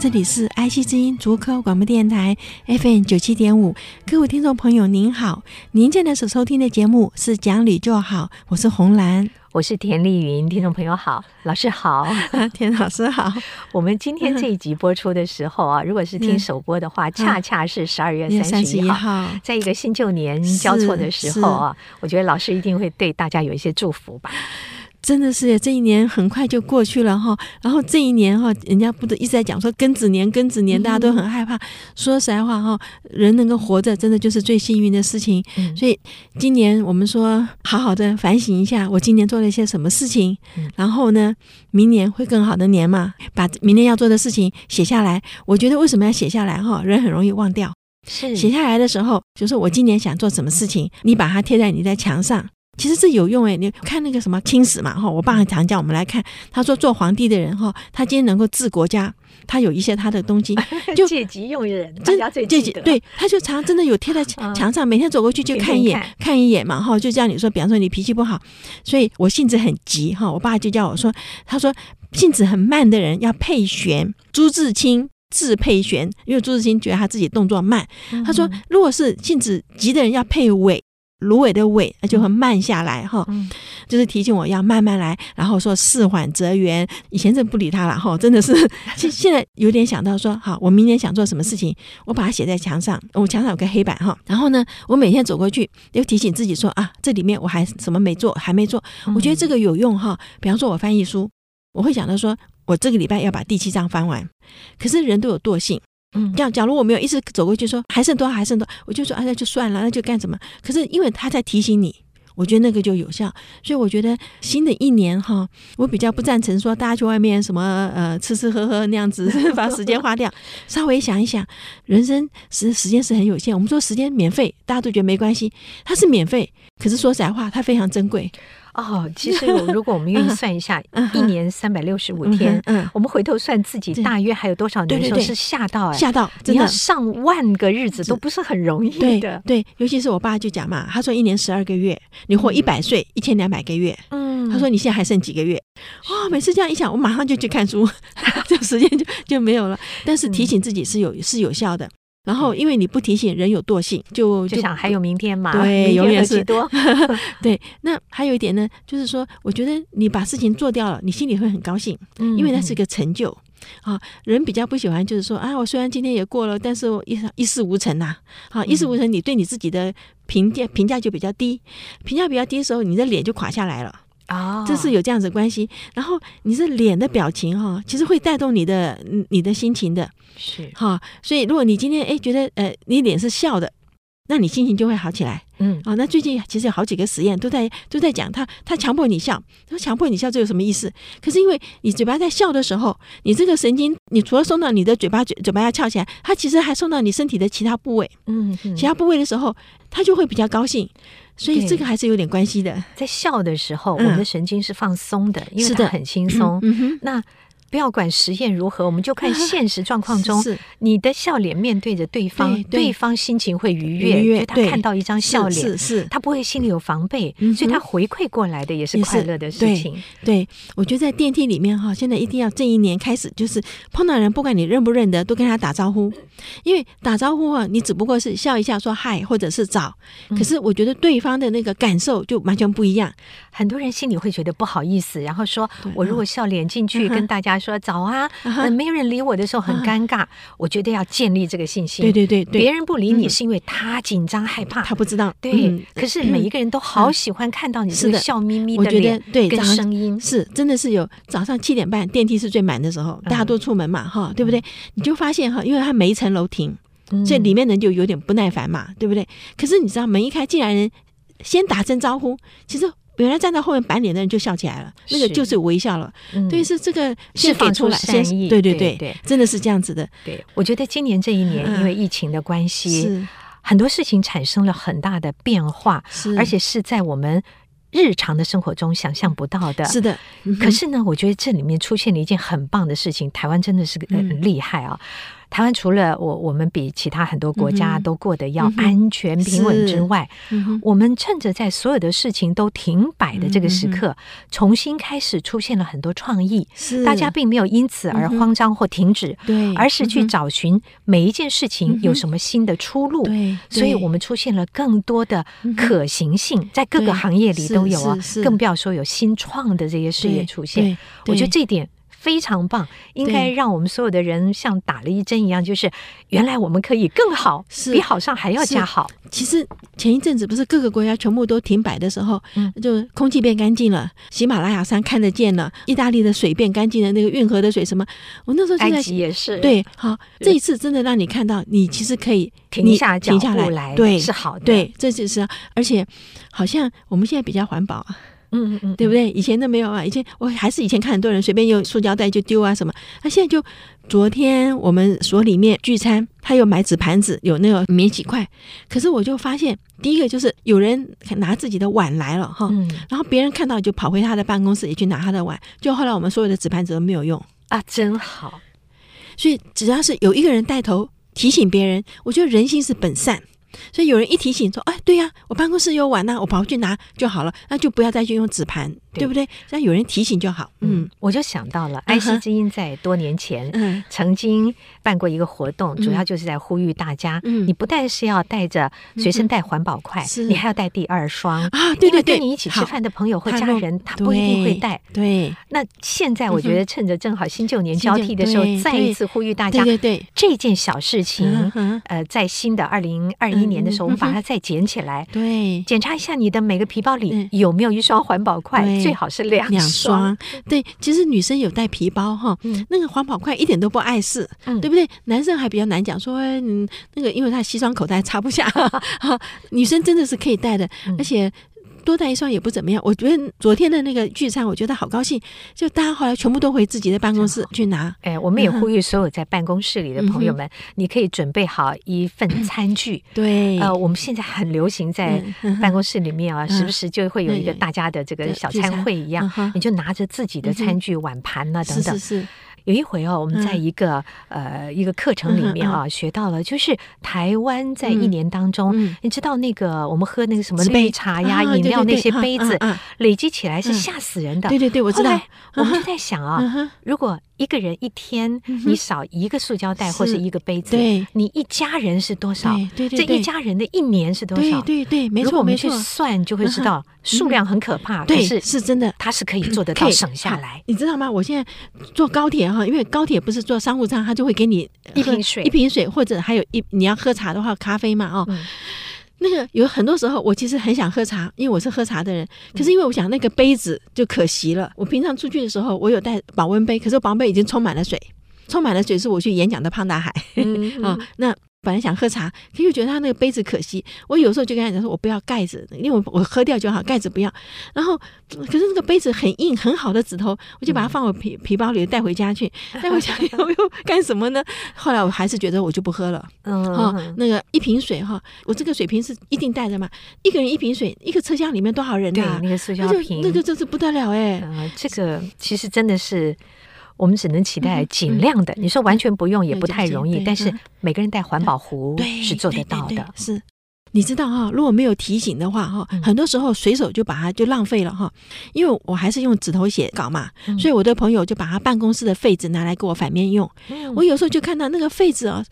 這裡是 IC 之音竹科廣播電台 FM 九七點五，各位聽眾朋友您好，您現在所收聽的節目是講理就好，我是洪蘭，我是田麗雲，聽眾朋友好，老師好，田 老師好， 我們今天這一集播出的時候啊，嗯、如果是聽首播的話，嗯、恰恰是十二月三十一號，嗯嗯嗯、在一個新舊年交錯的時候啊，我覺得老師一定會對大家有一些祝福吧。真的是這一年很快就過去了哈。然後這一年哈，人家不都一直在講說庚子年，庚子年大家都很害怕。嗯、哼說實話哈，人能夠活着，真的就是最幸運的事情。嗯、所以今年我們說好好的反省一下，我今年做了一些什麼事情。嗯、然後呢，明年會更好的年嘛，把明年要做的事情寫下來。我覺得為什麼要寫下來哈？人很容易忘掉。是寫下來的時候，就是我今年想做什麼事情，你把它貼在你的牆上。其實這有用誒，你看那個什麼《清史》嘛哈，我爸很常叫我們來看。他說做皇帝的人哈，他今天能夠治國家，他有一些他的東西，就 戒急用忍，真對，他就常真的有貼在牆上，啊、每天走過去就看一眼，一看，看一眼嘛哈。就這樣，你說，比方說你脾氣不好，所以我性子很急哈。我爸就叫我說，他說性子很慢的人要佩弦，朱自清字佩弦，因為朱自清覺得他自己動作慢。他說，如果是性子急的人要佩韋。嗯蘆葦的葦就會慢下來哈、嗯，就是提醒我要慢慢來。然後說“事緩則圓”，以前真不理他了哈，真的是現現在有點想到說，好，我明天想做什麼事情，我把它寫在牆上。我牆上有個黑板哈，然後呢，我每天走過去，又提醒自己說啊，這裡面我還什麼沒做，還沒做。我覺得這個有用哈。比方說，我翻譯書，我會想到說我這個禮拜要把第七章翻完，可是人都有惰性。嗯，這樣，假如我沒有一直走過去說還剩多少還剩多少，我就說哎、啊、那就算了，那就幹什麼？可是因為他在提醒你，我覺得那個就有效。所以我覺得新的一年哈，我比較不贊成說大家去外面什麼呃吃吃喝喝那樣子 把時間花掉。稍微想一想，人生時時間是很有限。我們說時間免費，大家都覺得沒關係，它是免費，可是說實在話，它非常珍貴。哦，其實我如果我們願意算一下，嗯、一年三百六十五天嗯，嗯，我們回頭算自己大約還有多少年就是嚇到、哎對對對，嚇到，真的上萬個日子都不是很容易的對。對，尤其是我爸就講嘛，他說一年十二個月，你活一百歲，一千兩百個月，嗯，他說你現在還剩幾個月？哇、哦，每次這樣一想，我馬上就去看書，嗯、這時間就 就沒有了。但是提醒自己是有是有效的。然後，因為你不提醒，人有惰性，就就想還有明天嘛，對，永遠是多。 對，那還有一點呢，就是說，我覺得你把事情做掉了，你心裡會很高興，嗯，因為那是一個成就啊。人比較不喜歡就是說，啊，我雖然今天也過了，但是我一一事無成吶。啊。啊，一事無成，你對你自己的評價評價就比較低，評價比較低的時候，你的臉就垮下來了。啊，這是有這樣子關係。然後你這臉的表情哈，其實會帶動你的你的心情的，是哈。所以如果你今天哎覺得呃你臉是笑的。那你心情就會好起來，嗯，啊、哦，那最近其實有好幾個實驗都在、嗯、都在講，他他強迫你笑，他說強迫你笑這有什麼意思？可是因為你嘴巴在笑的時候，你這個神經你除了送到你的嘴巴嘴嘴巴要翹起來，它其實還送到你身體的其他部位，嗯哼，其他部位的時候，它就會比較高興，所以這個還是有點關係的。在笑的時候，嗯、我們的神經是放鬆的，因為很輕鬆。嗯嗯、那。不要管實驗如何，我們就看現實狀況中，啊、你的笑臉面對着對方，對，對，對方心情會愉悅，因為悅他看到一張笑臉，是，是他不會心裡有防備，嗯、所以他回饋過來的也是快樂的事情。對，對，我覺得在電梯裡面哈，現在一定要這一年開始，就是碰到人，不管你認不認得，都跟他打招呼，因為打招呼哈，你只不過是笑一下，說嗨，或者是早，嗯、可是我覺得對方的那個感受就完全不一樣，很多人心裡會覺得不好意思，然後說、啊、我如果笑臉進去、嗯、哼跟大家說。說早啊，那沒有人理我的時候很尷尬。我覺得要建立這個信心。對對對，別人不理你是因為他緊張害怕，他不知道。對，可是每一個人都好喜歡看到你是笑眯眯的臉跟聲音，是真的，是有早上七點半電梯是最滿的時候，大家都出門嘛哈，對不對？你就發現哈，因為他每一層樓停，所以裡面人就有點不耐煩嘛，對不對？可是你知道門一開進來人先打聲招呼，其實。原來站在後面板臉的人就笑起來了，是那個就是微笑了。嗯、對，是這個釋放出來善意，對對對，對對真的是這樣子的對對對。對，我覺得今年這一年因為疫情的關係，呃、很多事情產生了很大的變化，是而且是在我們日常的生活中想象不到的。是的，嗯、可是呢，我覺得這裡面出現了一件很棒的事情，台灣真的是很厲害啊。嗯嗯台灣除了我，我們比其他很多國家都過得要安全平穩之外，嗯嗯、我們趁着在所有的事情都停擺的這個時刻，嗯、哼重新開始出現了很多創意。是大家並沒有因此而慌張或停止，嗯、而是去找尋每一件事情有什麼新的出路。嗯、所以我們出現了更多的可行性，嗯、在各個行業裡都有啊，更不要說有新創的這些事業出現。我覺得這一點。非常棒，應該讓我們所有的人像打了一針一樣，對就是原來我們可以更好，是比好上還要加好。其實前一陣子不是各個國家全部都停擺的時候，嗯，就空氣變乾淨了，喜馬拉雅山看得見了，嗯、意大利的水變乾淨了，那個運河的水什麼，我那時候埃及也是，對，好，這一次真的讓你看到，你其實可以、嗯、你停下停下來，對，是好的，對，這就是，而且好像我們現在比較環保。嗯嗯嗯，對不對？以前都沒有啊，以前我還是以前看很多人隨便用塑膠袋就丟啊什麼。那、啊、現在就昨天我們所裡面聚餐，他又買紙盤子，有那個免洗筷。可是我就發現，第一個就是有人拿自己的碗來了哈，然後別人看到就跑回他的辦公室也去拿他的碗。就後來我們所有的紙盤子都沒有用啊，真好。所以只要是有一個人帶頭提醒別人，我覺得人性是本善。所以有人一提醒說：“哎，對呀、啊，我辦公室有碗吶，我跑過去拿就好了，那就不要再去用紙盤。”對不對？只要有人提醒就好。嗯，我就想到了 IC 之音在多年前曾經辦過一個活動，主要就是在呼籲大家，你不但是要帶着隨身帶環保筷，你還要帶第二雙啊！對對對，跟你一起吃飯的朋友或家人，他不一定會帶。對。那現在我覺得趁着正好新舊年交替的時候，再一次呼籲大家，對對，這件小事情，呃，在新的二零二一年的時候，我們把它再撿起來，對，檢查一下你的每個皮包裡有沒有一雙環保筷。最好是兩雙，兩雙，對，其實女生有帶皮包哈，嗯、那個黃跑塊一點都不礙事，嗯、對不對？男生還比較難講說，說嗯，那個因為他的西裝口袋插不下， 女生真的是可以帶的，嗯、而且。多帶一雙也不怎麼樣。我覺得昨天的那個聚餐，我覺得好高興。就大家後來全部都回自己的辦公室去拿。哎，我們也呼籲所有在辦公室裡的朋友們，嗯、哼你可以準備好一份餐具。嗯、對，呃，我們現在很流行在辦公室裡面啊，嗯嗯、時不時就會有一個大家的這個小餐會一樣，嗯、你就拿着自己的餐具、碗盤啊、嗯、哼等等。是是是。有一回哦，我們在一個、嗯、呃一個課程裡面啊，嗯嗯、學到了，就是台灣在一年當中，嗯嗯、你知道那個我們喝那個什麼綠茶呀、呃、飲料那些杯子，嗯、累積起來是嚇死人的。嗯、對對對，我知道。我們就在想啊，嗯、如果。一個人一天你少一個塑膠袋或是一個杯子，嗯、對，你一家人是多少？對對對，對對對，這一家人的一年是多少？對對對，沒錯，我們去算就會知道數量很可怕。對，嗯、是真的，它是可以做得到省下來。嗯、你知道嗎？我現在坐高鐵哈，因為高鐵不是坐商務艙，他就會給你一瓶水，一瓶水或者還有一你要喝茶的話，咖啡嘛哦。嗯那個有很多時候，我其實很想喝茶，因為我是喝茶的人。可是因為我想那個杯子就可惜了。嗯、我平常出去的時候，我有帶保溫杯，可是我保溫杯已經充滿了水，充滿了水是我去演講的胖大海啊、嗯嗯 哦。那。本來想喝茶，可是又覺得他那個杯子可惜。我有時候就跟他講說，我不要蓋子，因為我我喝掉就好，蓋子不要。然後，可是那個杯子很硬，很好的紙頭，我就把它放我皮皮包裡帶回家去。帶回家以後又幹什麼呢？ 後來我還是覺得我就不喝了。嗯，好，那個一瓶水哈，我這個水瓶是一定帶的嘛。嗯、一個人一瓶水，一個車廂裡面多少人吶、啊？那個塑膠瓶那就，那個真是不得了哎、欸呃。這個其實真的是。我們只能期待盡量的。嗯嗯嗯、你說完全不用也不太容易，但是每個人帶環保壺是做得到的。是。你知道哈，如果沒有提醒的話哈，很多時候隨手就把它就浪費了哈。因為我還是用紙頭寫稿嘛，所以我的朋友就把他辦公室的廢紙拿來給我反面用。我有時候就看到那個廢紙啊，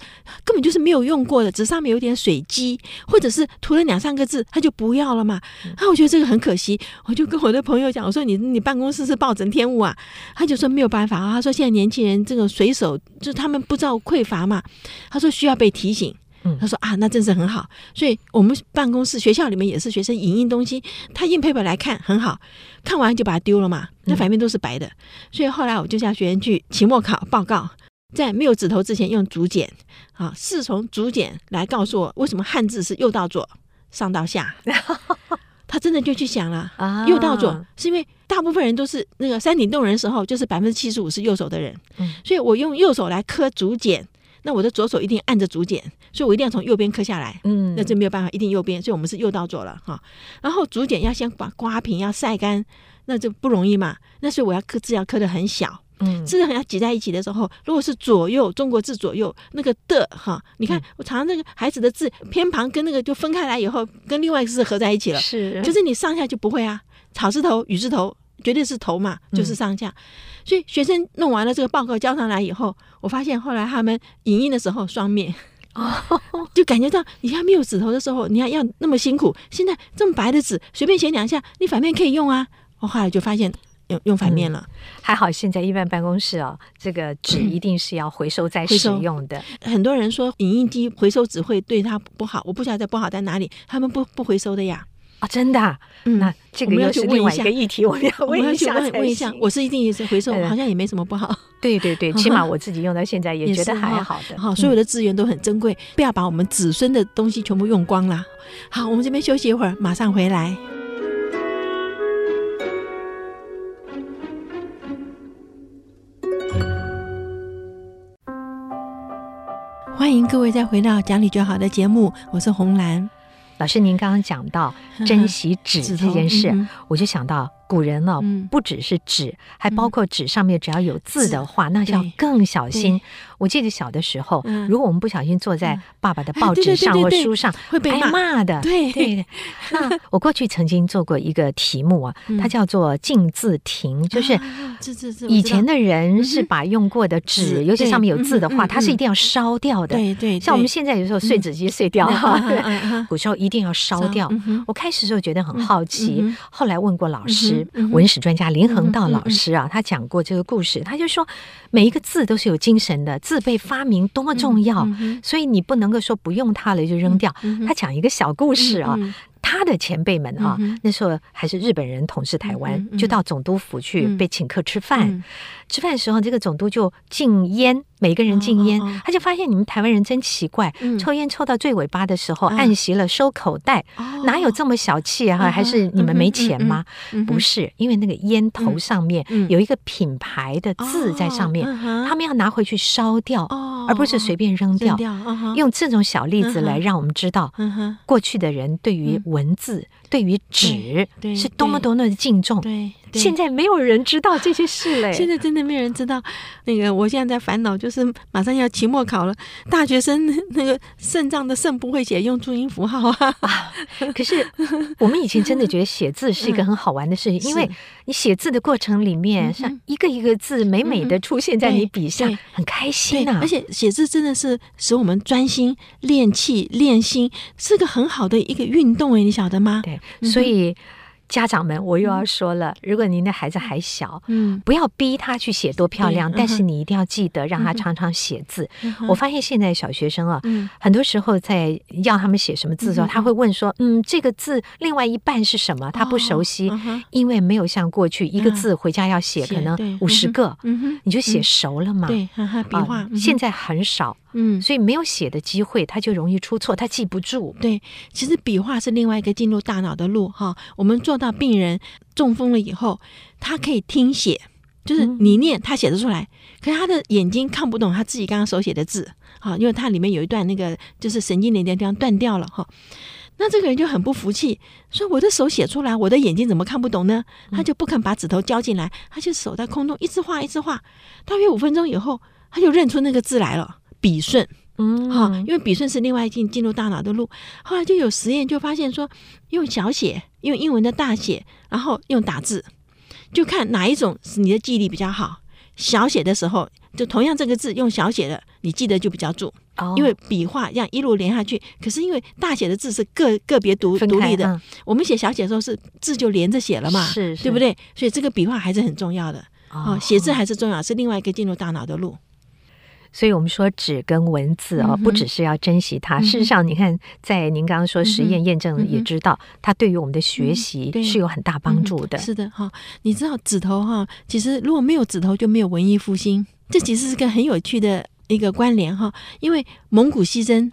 根本就是沒有用過的，紙上面有點水跡，或者是塗了兩三個字，他就不要了嘛。啊，我覺得這個很可惜，我就跟我的朋友講，我說你你辦公室是暴殄天物啊。他就說沒有辦法啊，他說現在年輕人這個隨手就是他們不知道匱乏嘛，他說需要被提醒。他說啊，那真是很好。所以，我們辦公室、學校裡面也是學生影印東西，他印課本來看，很好，看完就把它丟了嘛。那反面都是白的。嗯、所以後來我就向學員去期末考報告，在沒有紙頭之前用竹簡啊，是從竹簡來告訴我為什麼漢字是右到左、上到下。 他真的就去想了，右到左是因為大部分人都是那個山頂洞人的時候，就是百分之七十五是右手的人，嗯、所以我用右手來刻竹簡。那我的左手一定按着竹簡，所以我一定要從右邊刻下來。嗯，那這沒有辦法，一定右邊。所以，我們是右到左了哈。然後，竹簡要先把刮平，要曬乾，那就不容易嘛。那所以我要刻字要刻得很小，嗯，字很要擠在一起的時候，如果是左右，中國字左右那個的哈，你看、嗯、我常常那個孩子的字偏旁跟那個就分開來以後，跟另外一個字合在一起了，是，就是你上下就不會啊，草字頭、雨字頭。絕對是頭嘛，就是上下。嗯、所以學生弄完了這個報告交上來以後，我發現後來他們影印的時候雙面，哦， 就感覺到以前沒有紙頭的時候，你還要，要那麼辛苦，現在這麼白的紙，隨便寫兩下，你反面可以用啊。我後來就發現用用反面了，嗯，還好現在一般辦公室哦，這個紙一定是要回收再使用的。嗯、很多人說影印機回收紙會對它不好，我不曉得不好在哪裡，他們不不回收的呀。啊、哦，真的，嗯、那這個我們要去問一下。一個議題，我要我要去問一們要問，一問一下。我是一定也是回收， 好像也沒什麼不好。對對對，起碼我自己用到現在也覺得還好的。好、嗯哦，所有的資源都很珍貴，嗯、不要把我們子孫的東西全部用光了。好，我們這邊休息一會兒，馬上回來。嗯、歡迎各位再回到講理就好的節目，我是洪蘭。老師，您剛剛講到珍惜紙這件事，我就想到。古人呢，不只是紙，還包括紙上面只要有字的話，那就要更小心。我記得小的時候，如果我們不小心坐在爸爸的報紙上或書上，會被罵的。對對。那我過去曾經做過一個題目啊，它叫做“敬字亭”，就是以前的人是把用過的紙，尤其上面有字的話，它是一定要燒掉的。對對。像我們現在有時候碎紙機碎掉了哈，古時候一定要燒掉。我開始就時候覺得很好奇，後來問過老師。文史專家林恆道老師啊，嗯嗯嗯、他講過這個故事，他就說每一個字都是有精神的，字被發明多麼重要，嗯嗯嗯、所以你不能夠說不用它了就扔掉。嗯嗯嗯、他講一個小故事啊。嗯嗯嗯他的前輩們啊，那時候還是日本人統治台灣，就到總督府去被請客吃飯。吃飯的時候，這個總督就禁煙，每個人禁煙，他就發現你們台灣人真奇怪，抽煙抽到最尾巴的時候，按熄了收口袋，哪有這麼小氣啊？還是你們沒錢嗎？不是，因為那個煙頭上面有一個品牌的字在上面，他們要拿回去燒掉，而不是隨便扔掉。用這種小例子來讓我們知道，過去的人對於。文字對於紙，是多麼多麼的敬重。現在沒有人知道這些事嘞、哎。現在真的沒有人知道，那個我現在在煩惱，就是馬上要期末考了，大學生那個腎臟的腎不會寫，用注音符號啊，啊。可是我們以前真的覺得寫字是一個很好玩的事情，嗯、因為你寫字的過程裡面，像一個一個字美美的出現在你筆上，嗯嗯、很開心、啊、而且寫字真的是使我們專心練氣練心，是個很好的一個運動誒、啊，你曉得嗎？對，所以。嗯家長們，我又要說了，如果您的孩子還小，不要逼他去寫多漂亮，但是你一定要記得讓他常常寫字。我發現現在小學生啊，很多時候在要他們寫什麼字的時候，他會問說：“嗯，這個字另外一半是什麼？”他不熟悉，因為沒有像過去一個字回家要寫可能五十個，嗯，你就寫熟了嘛。對，哈哈，筆畫現在很少。嗯，所以沒有寫的機會，他就容易出錯，他記不住。對，其實筆畫是另外一個進入大腦的路哈。我們做到病人中風了以後，他可以聽寫，就是你念他寫的出來，嗯、可是他的眼睛看不懂他自己剛剛手寫的字哈，因為他裡面有一段那個就是神經連接這樣斷掉了哈。那這個人就很不服氣，說我的手寫出來，我的眼睛怎麼看不懂呢？他就不肯把指頭交進來，他就手在空中一直畫，一直畫，大約五分鐘以後，他就認出那個字來了。筆順，嗯，哈、哦，因為筆順是另外一進進入大腦的路。後來就有實驗，就發現說，用小寫，用英文的大寫，然後用打字，就看哪一種是你的記憶力比較好。小寫的時候，就同樣這個字用小寫的，你記得就比較住，哦、因為筆畫這樣一路連下去。可是因為大寫的字是個個別獨開獨立的，嗯、我們寫小寫的時候是字就連着寫了嘛，是，是，對不對？所以這個筆畫還是很重要的，哦，哦寫字還是重要，是另外一個進入大腦的路。所以，我們說紙跟文字哦，嗯、哼不只是要珍惜它。嗯、哼事實上，你看，在您剛剛說實驗驗證了，嗯、哼也知道它對於我們的學習是有很大幫助的。嗯嗯、是的，哈，你知道紙頭哈，其實如果沒有紙頭，就沒有文藝復興。這其實是一個很有趣的一個關聯哈，因為蒙古西征。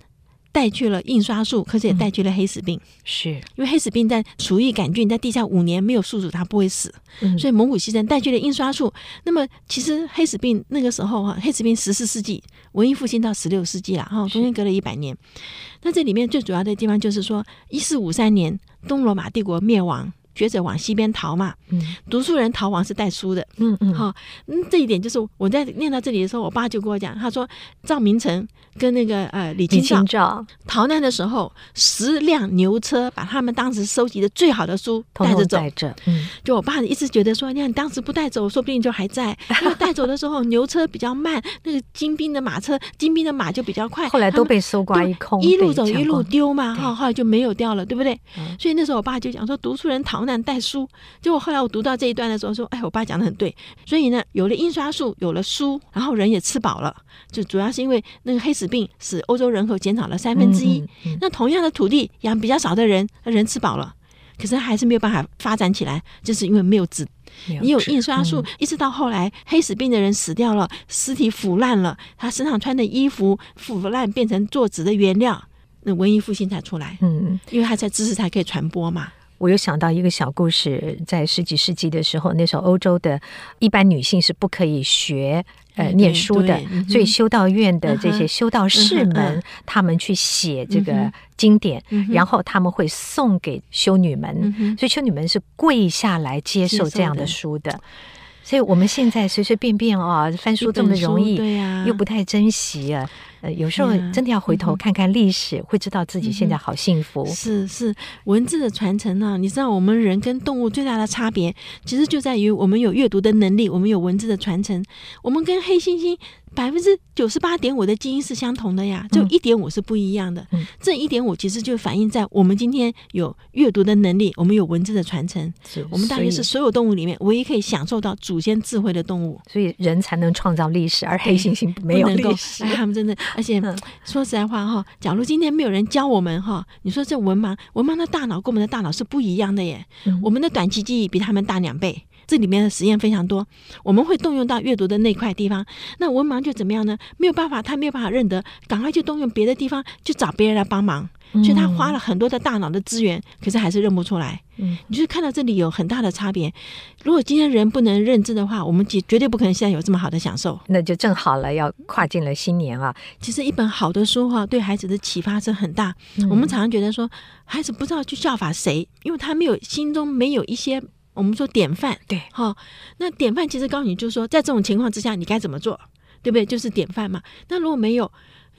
帶去了印刷術，可是也帶去了黑死病。嗯、是因為黑死病在鼠疫桿菌在地下五年沒有宿主，它不會死，所以蒙古西征帶去了印刷術。嗯、那麼其實黑死病那個時候哈、啊，黑死病十四世紀文藝復興到十六世紀了哈，中、哦、間隔了一百年。是那這裡面最主要的地方就是說，一四五三年東羅馬帝國滅亡。學者往西邊逃嘛，嗯、讀書人逃亡是帶書的，嗯嗯，好、嗯，嗯、哦，這一點就是我在念到這裡的時候，我爸就跟我講，他說趙明誠跟那個呃李清照逃難的時候，十輛牛車把他們當時收集的最好的書帶着走，統統帶着嗯、就我爸一直覺得說，你看你當時不帶走，說不定就還在，因為帶走的時候 牛車比較慢，那個金兵的馬車，金兵的馬就比較快，後來都被搜刮一空，對一路走一路丟嘛，哈，後來就沒有掉了，對不對？嗯、所以那時候我爸就講說，讀書人逃。但帶書，結果後來我讀到這一段的時候，說：“哎，我爸講得很對，所以呢，有了印刷術，有了書，然後人也吃飽了。就主要是因為那個黑死病使歐洲人口減少了三分之一，嗯嗯嗯，那同樣的土地養比較少的人，人吃飽了，可是還是沒有辦法發展起來，就是因為沒有紙，嗯嗯，你有印刷術。一直到後來黑死病的人死掉了，屍體腐爛了，他身上穿的衣服腐爛變成做紙的原料，那文藝復興才出來。嗯，因為他在知識才可以傳播嘛。”我又想到一個小故事，在十幾世紀的時候，那時候歐洲的一般女性是不可以學呃念書的，嗯嗯、所以修道院的這些修道士們，他、嗯嗯嗯、們去寫這個經典，嗯嗯、然後他們會送給修女們，嗯、哼所以修女們是跪下來接受這樣的書的。所以我們現在隨隨便便哦，翻書這麼容易，對呀，啊，又不太珍惜啊，呃，有時候真的要回頭看看歷史，嗯、會知道自己現在好幸福。是是，文字的傳承呢？啊？你知道，我們人跟動物最大的差別，其實就在於我們有閱讀的能力，我們有文字的傳承，我們跟黑猩猩，百分之九十八點五的基因是相同的呀，就一點五是不一樣的。嗯嗯、這一點五其實就反映在我們今天有閱讀的能力，我們有文字的傳承。我們大約是所有動物裡面唯一可以享受到祖先智慧的動物。所以人才能創造歷史，而黑猩猩沒有歷史、不能夠、哎。他們真的，而且、嗯、說實在話哈，假如今天沒有人教我們哈，你說這文盲，文盲的大腦跟我們的大腦是不一樣的耶。嗯、我們的短期記憶比他們大兩倍。這裡面的實驗非常多，我們會動用到閱讀的那塊地方。那文盲就怎麼樣呢？沒有辦法，他沒有辦法認得，趕快就動用別的地方，去找別人來幫忙。所以、嗯、他花了很多的大腦的資源，可是還是認不出來。嗯，你就是看到這裡有很大的差別。如果今天人不能認知的話，我們絕絕對不可能現在有這麼好的享受。那就正好了，要跨進了新年啊！其實一本好的書哈、啊，對孩子的啟發是很大。嗯、我們常常覺得說，孩子不知道去效法誰，因為他沒有心中沒有一些。我們說典範，對，哈、哦，那典範其實告訴你，就是說，在這種情況之下，你該怎麼做，對不對？就是典範嘛。那如果沒有，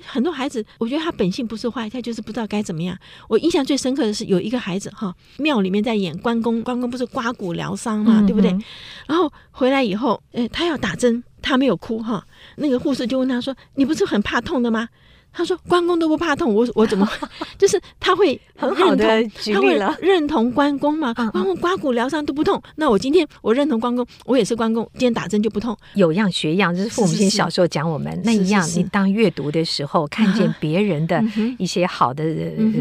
很多孩子，我覺得他本性不是壞，他就是不知道該怎麼樣。我印象最深刻的是有一個孩子，哈、哦，廟裡面在演關公，關公不是刮骨療傷嘛，對不對？嗯哼。然後回來以後，誒，他要打針，他沒有哭，哈、哦，那個護士就問他說：“你不是很怕痛的嗎？”他說：“關公都不怕痛，我我怎麼 就是他會很好的？了他會認同關公嘛？關公刮骨療傷都不痛，嗯嗯、那我今天我認同關公，我也是關公，今天打針就不痛。有樣學樣，就是父母親小時候講我們。是是那一樣，你當閱讀的時候是是是看見別人的一些好的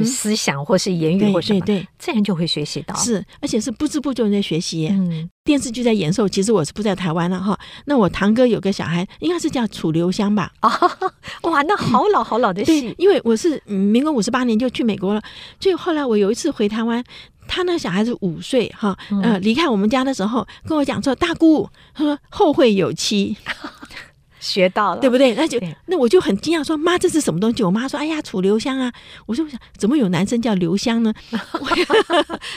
思想或是言語或什麼。嗯嗯”對對對這樣就會學習到，是，而且是不知不覺在學習。嗯、電視劇在演壽，其實我是不在台灣了哈。那我堂哥有個小孩，應該是叫楚留香吧？啊、哦，哇，那好老好老的戲。嗯、對，因為我是、嗯、民國五十八年就去美國了，所以後來我有一次回台灣，他那小孩子五歲哈，呃，嗯、離開我們家的時候跟我講說：“大姑，他說後會有期。嗯”學到了，對不對？那就那我就很驚訝，說媽，這是什麼東西？我媽說，哎呀，楚留香啊！我說，我想怎麼有男生叫留香呢？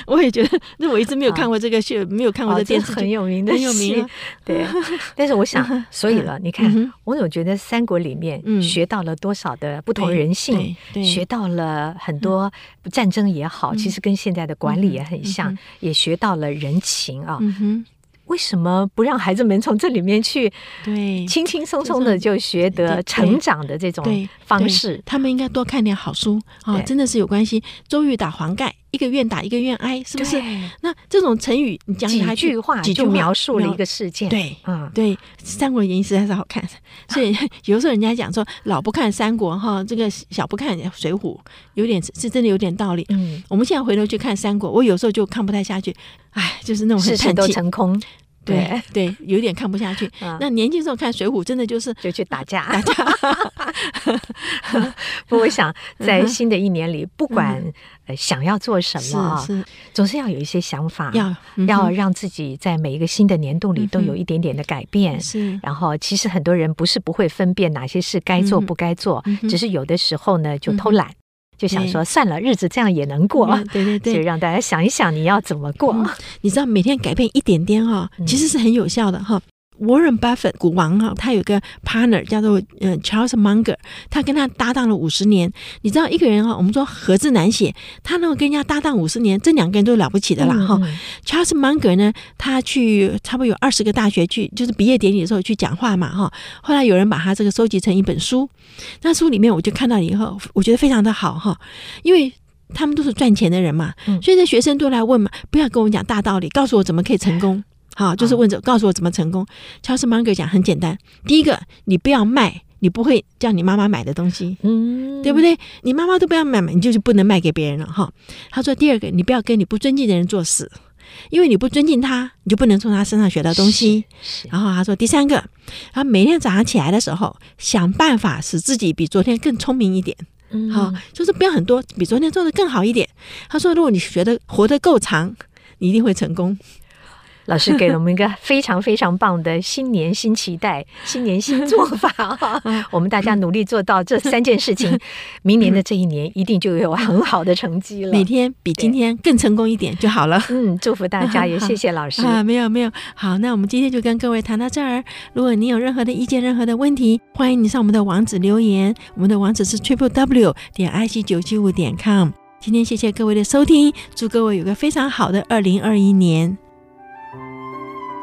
我也覺得，那我一直沒有看過這個，沒有看過這電視，很有名，很有名。對，但是我想，所以了，你看，我總覺得三國裡面學到了多少的不同人性，學到了很多戰爭也好，其實跟現在的管理也很像，也學到了人情啊。嗯為什麼不讓孩子們從這裡面去對，輕輕松松的就學得成長的這種方式？對對對對對他們應該多看點好書啊，哦、對真的是有關係。周瑜打黃蓋，一個願打，一個願挨，是不是？對那這種成語，你講一幾句話，幾句就描述了一個事件，對，嗯，對，嗯對《三國演義》實在是好看。所以有時候人家講說，老不看三國哈，這個小不看水滸，有點是真的有點道理。嗯，我們現在回頭去看三國，我有時候就看不太下去，唉，就是那種世事都成空。對對，對，有點看不下去。嗯、那年輕時候看《水滸》，真的就是就去打架，打架 不過我想在新的一年裡，不管想要做什麼，嗯、哼總是要有一些想法，嗯、哼要、嗯、要讓自己在每一個新的年度裡都有一點點的改變。嗯、是，然後其實很多人不是不會分辨哪些事該做不該做，嗯、哼只是有的時候呢就偷懶。就想說算了，對，日子這樣也能過，對，對對對，就讓大家想一想你要怎麼過。嗯、你知道每天改變一點點哈，嗯、其實是很有效的哈。Warren Buffett 股王哈，他有個 partner 叫做嗯 Charles Munger，他跟他搭檔了五十年。你知道一個人哈，我們說合字難寫，他能夠跟人家搭檔五十年，這兩個人都是了不起的啦哈。嗯嗯、Charles Munger 呢，他去差不多有二十個大學去，就是畢業典禮的時候去講話嘛哈。後來有人把他這個收集成一本書，那書裡面我就看到以後，我覺得非常的好哈，因為他們都是賺錢的人嘛，所以這學生都來問嘛，不要跟我講大道理，告訴我怎麼可以成功。嗯好，就是問着、嗯、告訴我怎麼成功。喬斯曼格講很簡單，第一個，你不要賣，你不會叫你媽媽買的東西，嗯，對不對？你媽媽都不要買，你就是不能賣給別人了哈。他、哦、說，第二個，你不要跟你不尊敬的人做事，因為你不尊敬他，你就不能從他身上學到東西。然後他說，第三個，他每天早上起來的時候，想辦法使自己比昨天更聰明一點。嗯，好、哦，就是不要很多，比昨天做得更好一點。他說，如果你覺得活得夠長，你一定會成功。老師給了我們一個非常非常棒的新年新期待， 新年新做法， 我們大家努力做到這三件事情，明年的這一年一定就有很好的成績了。每天比今天更成功一點就好了。對嗯，祝福大家， 也謝謝老師 啊，啊！沒有沒有，好，那我們今天就跟各位談到這兒。如果您有任何的意見、任何的問題，歡迎你上我們的網址留言。我們的網址是 Triple W 點 I C 九七五點 com。今天謝謝各位的收聽，祝各位有個非常好的二零二一年。